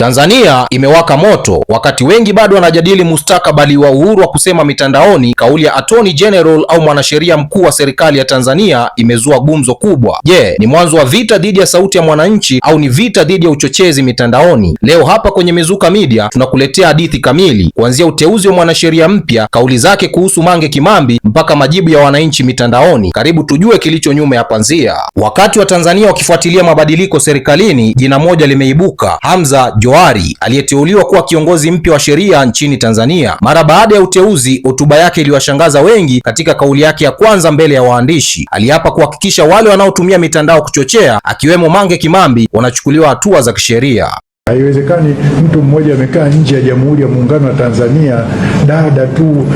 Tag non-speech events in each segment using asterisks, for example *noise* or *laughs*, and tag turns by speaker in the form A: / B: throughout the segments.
A: Tanzania imewaka moto wakati wengi bado wanajadili mustakabali wa uhuru wa kusema mitandaoni. Kauli ya Attorney General au mwanasheria mkuu wa serikali ya Tanzania imezua gumzo kubwa. Je, ni mwanzo wa vita dhidi ya sauti ya mwananchi au ni vita dhidi ya uchochezi mitandaoni? Leo hapa kwenye Mizuka Media tunakuletea hadithi kamili, kuanzia uteuzi wa mwanasheria mpya, kauli zake kuhusu Mange Kimambi, mpaka majibu ya wananchi mitandaoni. Karibu tujue kilicho nyuma ya panzia. Wakati wa Tanzania wakifuatilia mabadiliko serikalini, jina moja limeibuka, Hamza Liwari aliyeteuliwa kuwa kiongozi mpya wa sheria nchini Tanzania. Mara baada ya uteuzi, hotuba yake iliwashangaza wengi. Katika kauli yake ya kwanza mbele ya waandishi, aliapa kuhakikisha wale wanaotumia mitandao kuchochea, akiwemo Mange Kimambi, wanachukuliwa hatua za kisheria.
B: Haiwezekani mtu mmoja amekaa nje ya Jamhuri ya Muungano wa Tanzania, dada tu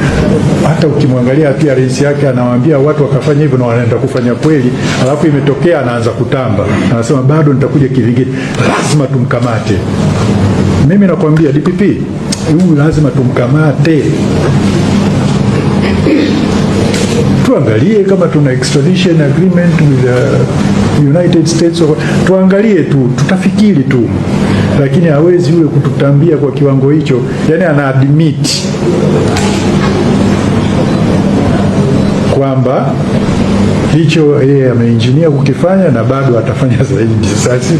B: hata ukimwangalia rais yake anawaambia watu wakafanya hivyo na wanaenda kufanya kweli, alafu imetokea anaanza kutamba, anasema bado nitakuja kivingine, lazima tumkamate. Mimi nakwambia DPP, huyu lazima tumkamate, tuangalie kama tuna extradition agreement with the United States, tuangalie tu, tutafikiri tu, lakini hawezi yule kututambia kwa kiwango hicho, yani ana admit kwamba hicho yeye ameinjinia kukifanya na bado atafanya zaidi. Sasa si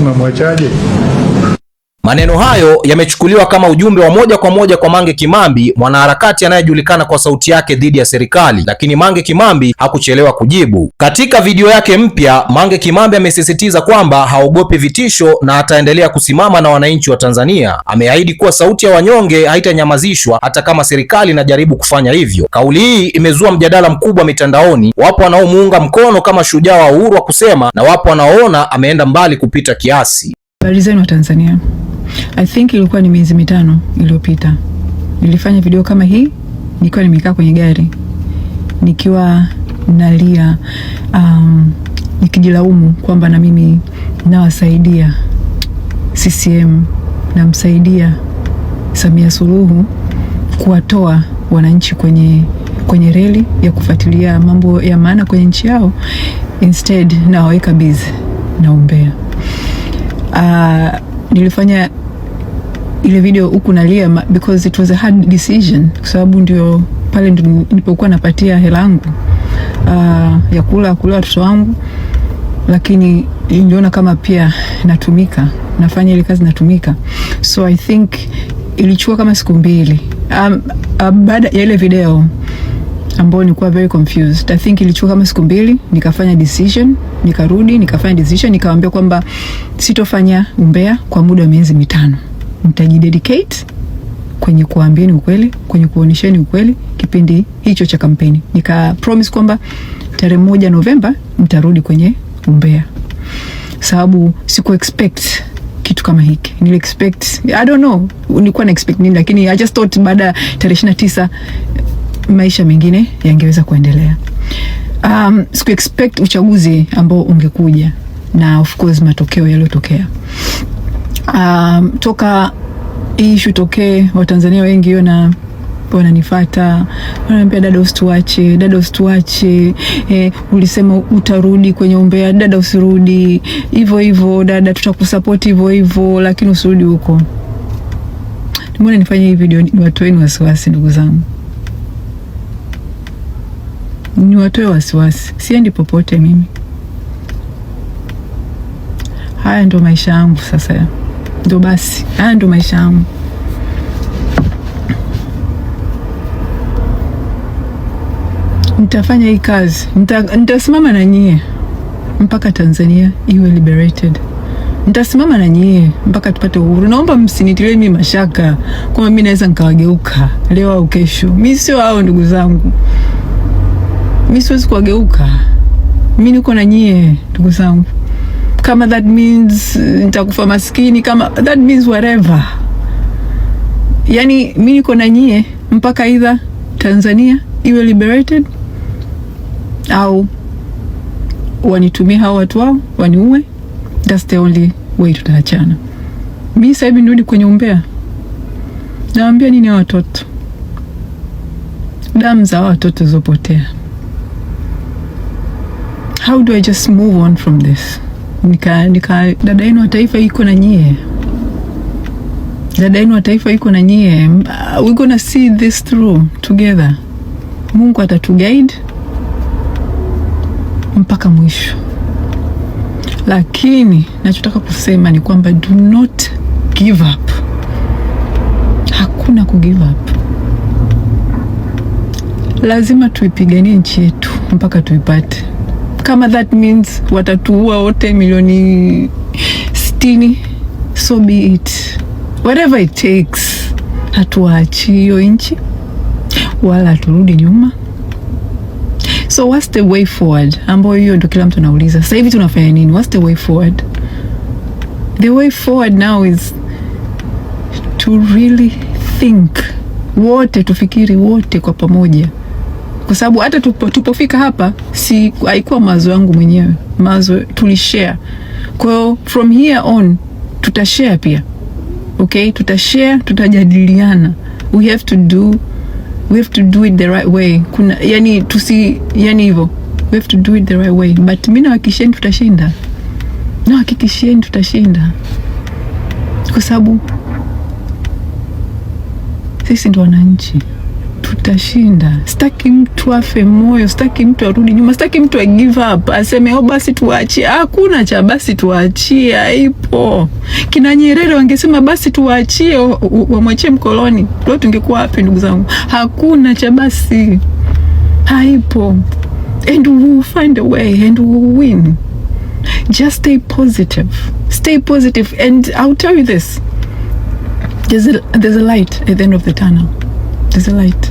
A: Maneno hayo yamechukuliwa kama ujumbe wa moja kwa moja kwa Mange Kimambi, mwanaharakati anayejulikana kwa sauti yake dhidi ya serikali, lakini Mange Kimambi hakuchelewa kujibu. Katika video yake mpya, Mange Kimambi amesisitiza kwamba haogopi vitisho na ataendelea kusimama na wananchi wa Tanzania. Ameahidi kuwa sauti ya wanyonge haitanyamazishwa hata kama serikali inajaribu kufanya hivyo. Kauli hii imezua mjadala mkubwa mitandaoni. Wapo wanaomuunga mkono kama shujaa wa uhuru wa kusema na wapo wanaoona ameenda mbali kupita kiasi.
C: Habari zenu Tanzania. I think ilikuwa ni miezi mitano iliyopita, nilifanya video kama hii nikiwa nimekaa kwenye gari nikiwa nalia, um, nikijilaumu kwamba na mimi nawasaidia CCM, namsaidia Samia Suluhu kuwatoa wananchi kwenye kwenye reli ya kufuatilia mambo ya maana kwenye nchi yao, instead nawaweka busy na umbea. Uh, nilifanya ile video huku nalia because it was a hard decision, kwa sababu ndio pale nilipokuwa napatia hela yangu uh, ya kula kulea watoto wangu, lakini niliona kama pia natumika, nafanya ile kazi natumika, so I think ilichukua kama siku mbili um, um, baada ya ile video ambayo nilikuwa very confused. I think ilichukua kama siku mbili, nikafanya decision, nikarudi nikafanya decision, nikawaambia kwamba sitofanya umbea kwa muda wa miezi mitano mtajidedicate kwenye kuambieni ukweli, kwenye kuonyesheni ukweli kipindi hicho cha kampeni. Nika promise kwamba tarehe moja Novemba mtarudi kwenye umbea, sababu siku expect kitu kama hiki. Nili expect I don't know nilikuwa na expect nini, lakini I just thought baada ya tarehe 29 maisha mengine yangeweza kuendelea. Um, siku expect uchaguzi ambao ungekuja na of course matokeo yaliyotokea um, toka hii ishu tokee, Watanzania wengi ona wananifuata wananiambia, dada usituache, dada usituache eh, ulisema utarudi kwenye umbea, dada usirudi hivyo hivyo, dada tutakusapoti hivyo hivyo, lakini usirudi huko. Mbona nifanye hii video niwatoeni wasiwasi, ndugu zangu, niwatoe wasiwasi. Siendi popote mimi, haya ndo maisha yangu sasa ya ndo basi, haya ndo maisha yangu. Nitafanya hii kazi, nitasimama na nyie mpaka Tanzania iwe liberated. Nitasimama na nyie mpaka tupate uhuru. Naomba msinitilie mimi mashaka kwamba mimi naweza nikawageuka leo au kesho. Mimi sio hao, ndugu zangu, mimi siwezi kuwageuka. Mimi niko na nyie, ndugu zangu kama that means eh, nitakufa maskini, kama that means whatever. Yani mi niko na nyie mpaka either Tanzania iwe liberated au wanitumie hao watu wao waniue. That's the only way tutaachana. Mi sasa hivi nirudi kwenye umbea, naambia nini hao watoto? Damu za watoto zopotea. How do I just move on from this? nika, nika dada yenu wa taifa iko na nyie, dada yenu wa taifa iko na nyie. Uh, we gonna see this through together. Mungu atatuguide mpaka mwisho, lakini nachotaka kusema ni kwamba do not give up. Hakuna ku give up, lazima tuipiganie nchi yetu mpaka tuipate kama that means watatuua wote milioni sitini, so be it, whatever it takes. Hatuwaachi hiyo nchi wala haturudi nyuma. So what's the way forward, ambayo hiyo ndo kila mtu anauliza sasa hivi tunafanya nini? What's the way forward? The way forward now is to really think, wote tufikiri wote kwa pamoja kwa sababu hata tupo, tupofika hapa si haikuwa mawazo yangu mwenyewe, mawazo tulishare. Kwa hiyo from here on tutashare pia, okay, tutashare, tutajadiliana. We have to do we have to do it the right way. Kuna yani tusi yani hivyo, we have to do it the right way, but mimi nahakikisheni tutashinda, nahakikisheni tutashinda kwa sababu sisi ndo wananchi tutashinda. Sitaki mtu afe moyo, sitaki mtu arudi nyuma, sitaki mtu a give up aseme oh, basi tuachie Hakuna cha basi tuachie, haipo. Kina Nyerere wangesema basi tuachie, wamwachie mkoloni, leo tungekuwa wapi ndugu zangu? Hakuna cha basi, haipo. And will find a way and will win. Just stay positive, stay positive. And I'll tell you this, there's a, there's a light at the end of the tunnel. There's a light.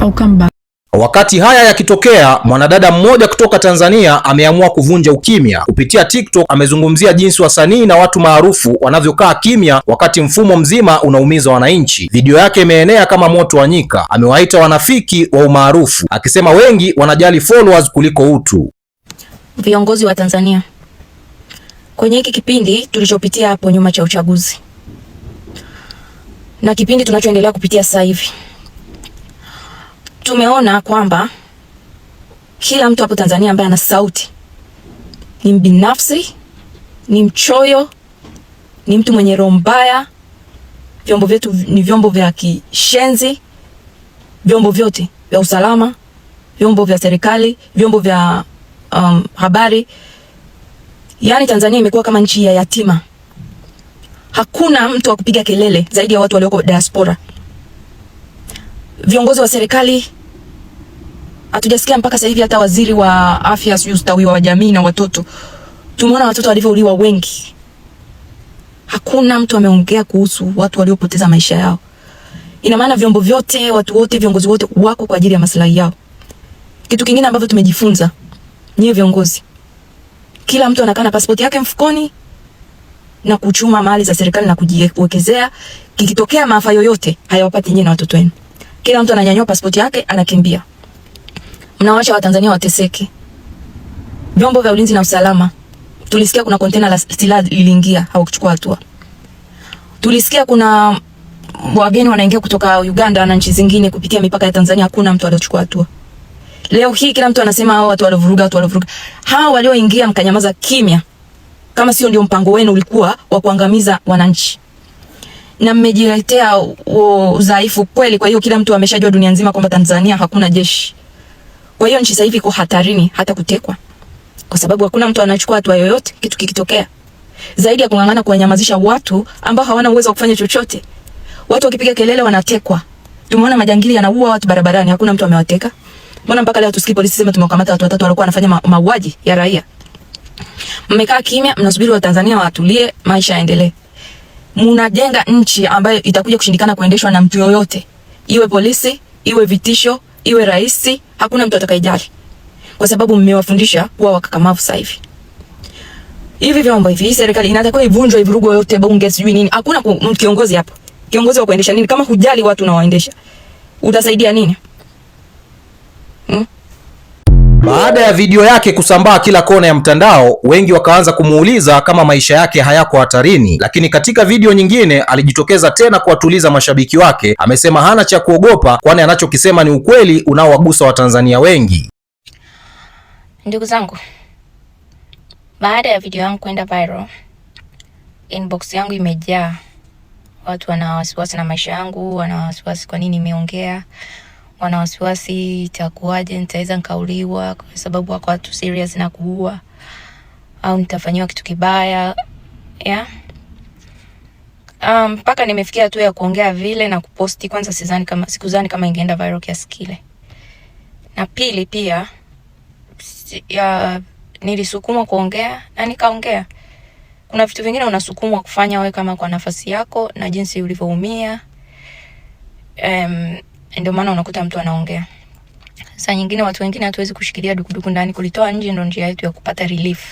C: au comeback.
A: Wakati haya yakitokea, mwanadada mmoja kutoka Tanzania ameamua kuvunja ukimya. Kupitia TikTok amezungumzia jinsi wasanii na watu maarufu wanavyokaa kimya wakati mfumo mzima unaumiza wananchi. Video yake imeenea kama moto wa nyika. Amewaita wanafiki wa umaarufu, akisema wengi wanajali followers kuliko utu.
D: Viongozi wa Tanzania, kwenye hiki kipindi tulichopitia hapo nyuma cha uchaguzi na kipindi tunachoendelea kupitia sasa hivi tumeona kwamba kila mtu hapo Tanzania ambaye ana sauti ni mbinafsi, ni mchoyo, ni mtu mwenye roho mbaya. Vyombo vyetu ni vyombo vya kishenzi, vyombo vyote vya usalama, vyombo vya serikali, vyombo vya um, habari. Yaani Tanzania imekuwa kama nchi ya yatima. Hakuna mtu wa kupiga kelele zaidi ya watu walioko diaspora viongozi wa serikali hatujasikia mpaka sasa hivi, hata waziri wa afya, sijui ustawi wa jamii na watoto. Tumeona watoto walivyouliwa wengi, hakuna mtu ameongea kuhusu watu waliopoteza maisha yao. Ina maana vyombo vyote, watu wote, viongozi wote wako kwa ajili ya maslahi yao. Kitu kingine ambacho tumejifunza, nyie viongozi, kila mtu anakaa na pasipoti yake mfukoni na kuchuma mali za serikali na kujiwekezea, kikitokea maafa yoyote hayawapati nyie na watoto wenu. Kila mtu ananyanyua pasipoti yake anakimbia. Mnawaacha Watanzania wateseke. Vyombo vya ulinzi na usalama, tulisikia kuna kontena la silaha liliingia, hawakuchukua hatua. Tulisikia kuna wageni wanaingia kutoka Uganda na nchi zingine kupitia mipaka ya Tanzania, hakuna mtu aliochukua hatua. Leo hii kila mtu anasema hao watu walovuruga, watu walovuruga. Hao walioingia mkanyamaza kimya, kama sio ndio mpango wenu ulikuwa wa kuangamiza wananchi na mmejiletea udhaifu kweli. Kwa hiyo kila mtu ameshajua dunia nzima kwamba Tanzania hakuna jeshi. Kwa hiyo nchi sasa hivi iko hatarini hata kutekwa, kwa sababu hakuna mtu anachukua hatua yoyote kitu kikitokea, zaidi ya kung'ang'ana kuwanyamazisha watu ambao hawana uwezo wa kufanya chochote. Watu wakipiga kelele wanatekwa. Tumeona majangili yanaua watu barabarani, hakuna mtu amewateka. Mbona mpaka leo tusikii polisi sema tumewakamata watu watatu walikuwa wanafanya mauaji ya raia? Mmekaa kimya, mnasubiri Watanzania watulie, maisha yaendelee munajenga nchi ambayo itakuja kushindikana kuendeshwa na mtu yoyote, iwe polisi, iwe vitisho, iwe rais. Hakuna mtu atakayejali, kwa sababu mmewafundisha kuwa wakakamavu. Sasa hivi hivi vyombo hivi, serikali inatakiwa ivunjwe, ivurugo yote, bunge, sijui nini. Hakuna mm, kiongozi hapo. Kiongozi wa kuendesha nini kama hujali watu unawaendesha? Utasaidia nini?
A: hmm? Baada ya video yake kusambaa kila kona ya mtandao, wengi wakaanza kumuuliza kama maisha yake hayako hatarini, lakini katika video nyingine alijitokeza tena kuwatuliza mashabiki wake. Amesema hana cha kuogopa, kwani anachokisema ni ukweli unaowagusa Watanzania wengi.
E: Ndugu zangu, baada ya video yangu kwenda viral, inbox yangu imejaa watu wana wasiwasi na maisha yangu, wana wasiwasi kwa nini nimeongea wana wasiwasi, itakuwaje, nitaweza nikauliwa kwa sababu wako watu serious na kuua, au nitafanyiwa kitu kibaya yeah. Um, mpaka um, nimefikia hatua ya kuongea vile na kuposti. Kwanza sidhani kama, sikudhani kama ingeenda viral kiasi kile, na pili pia ya, nilisukumwa kuongea na nikaongea. Kuna vitu vingine unasukumwa kufanya wewe kama kwa nafasi yako na jinsi ulivyoumia um, ndio maana unakuta mtu anaongea. Saa nyingine watu wengine hatuwezi kushikilia dukuduku ndani, kulitoa nje ndo njia yetu ya kupata relief.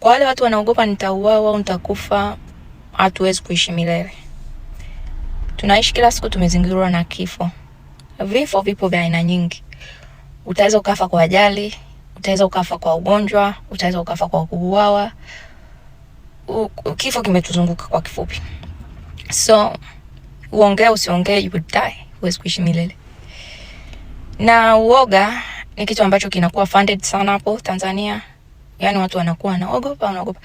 E: Kwa wale watu wanaogopa nitauawa au nitakufa, hatuwezi kuishi milele. Tunaishi kila siku tumezingirwa na kifo. Vifo vipo vya aina nyingi. Utaweza ukafa kwa ajali, utaweza ukafa kwa ugonjwa, utaweza ukafa kwa kuuawa. Kifo kimetuzunguka kwa kifupi, so uongee usiongee, you would die, huwezi kuishi milele. Na uoga ni kitu ambacho kinakuwa funded sana hapo Tanzania, yani watu wanakuwa wanaogopa, wanaogopa.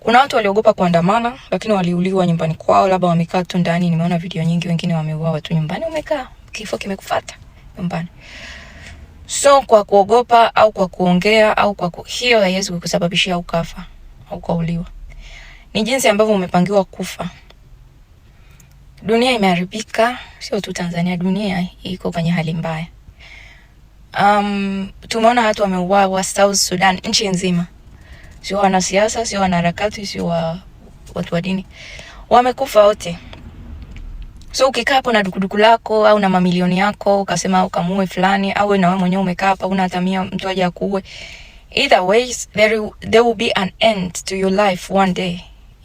E: Kuna watu waliogopa kuandamana, lakini waliuliwa nyumbani kwao, labda wamekaa tu ndani. Nimeona video nyingi, wengine wameuawa tu nyumbani, umekaa kifo kimekufata nyumbani. So kwa kuogopa au kwa kuongea au kwa ku... hiyo haiwezi kukusababishia ukafa au kuuliwa, ni jinsi ambavyo umepangiwa kufa. Dunia imeharibika, sio tu Tanzania, dunia iko kwenye hali mbaya. Um, tumeona watu wameuawa South Sudan, nchi nzima, sio wanasiasa, sio wanaharakati, sio wa, watu wa dini, wamekufa wote. So ukikaa hapo na dukuduku lako au na mamilioni yako ukasema ukamue fulani au na wewe mwenyewe umekaa hapa una hatamia mtu aje akuue, either ways there, there will be an end to your life one day,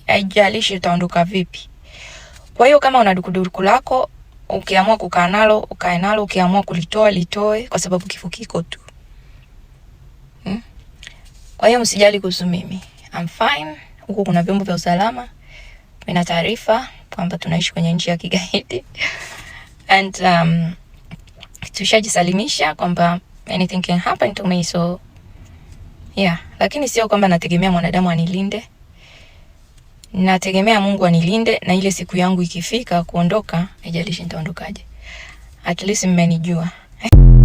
E: haijalishi utaondoka vipi. Kwa hiyo kama una dukuduku lako, ukiamua kukaa nalo ukae nalo, ukiamua kulitoa litoe, kwa sababu kifo kiko tu hmm? Kwa hiyo msijali kuhusu mimi, I'm fine. Huku kuna vyombo vya usalama, nina taarifa kwamba tunaishi kwenye nchi ya kigaidi *laughs* and um, tushajisalimisha kwamba anything can happen to me so yeah, lakini sio kwamba nategemea mwanadamu anilinde. Nategemea Mungu anilinde na ile siku yangu ikifika kuondoka, haijalishi nitaondokaje. At least mmenijua.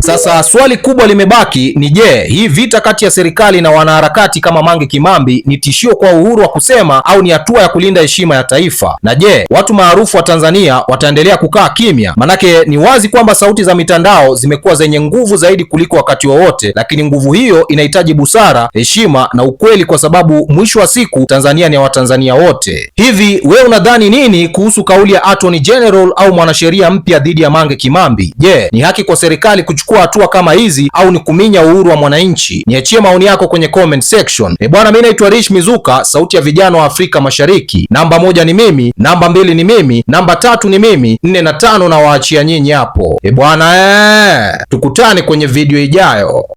A: Sasa swali kubwa limebaki ni je, hii vita kati ya serikali na wanaharakati kama Mange Kimambi ni tishio kwa uhuru wa kusema au ni hatua ya kulinda heshima ya taifa? Na je, watu maarufu wa Tanzania wataendelea kukaa kimya? Manake ni wazi kwamba sauti za mitandao zimekuwa zenye nguvu zaidi kuliko wakati wowote, lakini nguvu hiyo inahitaji busara, heshima na ukweli, kwa sababu mwisho wa siku Tanzania ni ya Watanzania wote. Hivi wewe unadhani nini kuhusu kauli ya Attorney General au mwanasheria mpya dhidi ya Mange Kimambi? Je, ni haki kwa serikali kuchukua kuchukua hatua kama hizi au ni kuminya uhuru wa mwananchi? Niachie maoni yako kwenye comment section. E bwana, mi naitwa Rich Mizuka, sauti ya vijana wa Afrika Mashariki. Namba moja ni mimi, namba mbili ni mimi, namba tatu ni mimi, nne na tano na waachia nyinyi hapo. E bwana, ee, tukutane kwenye video ijayo.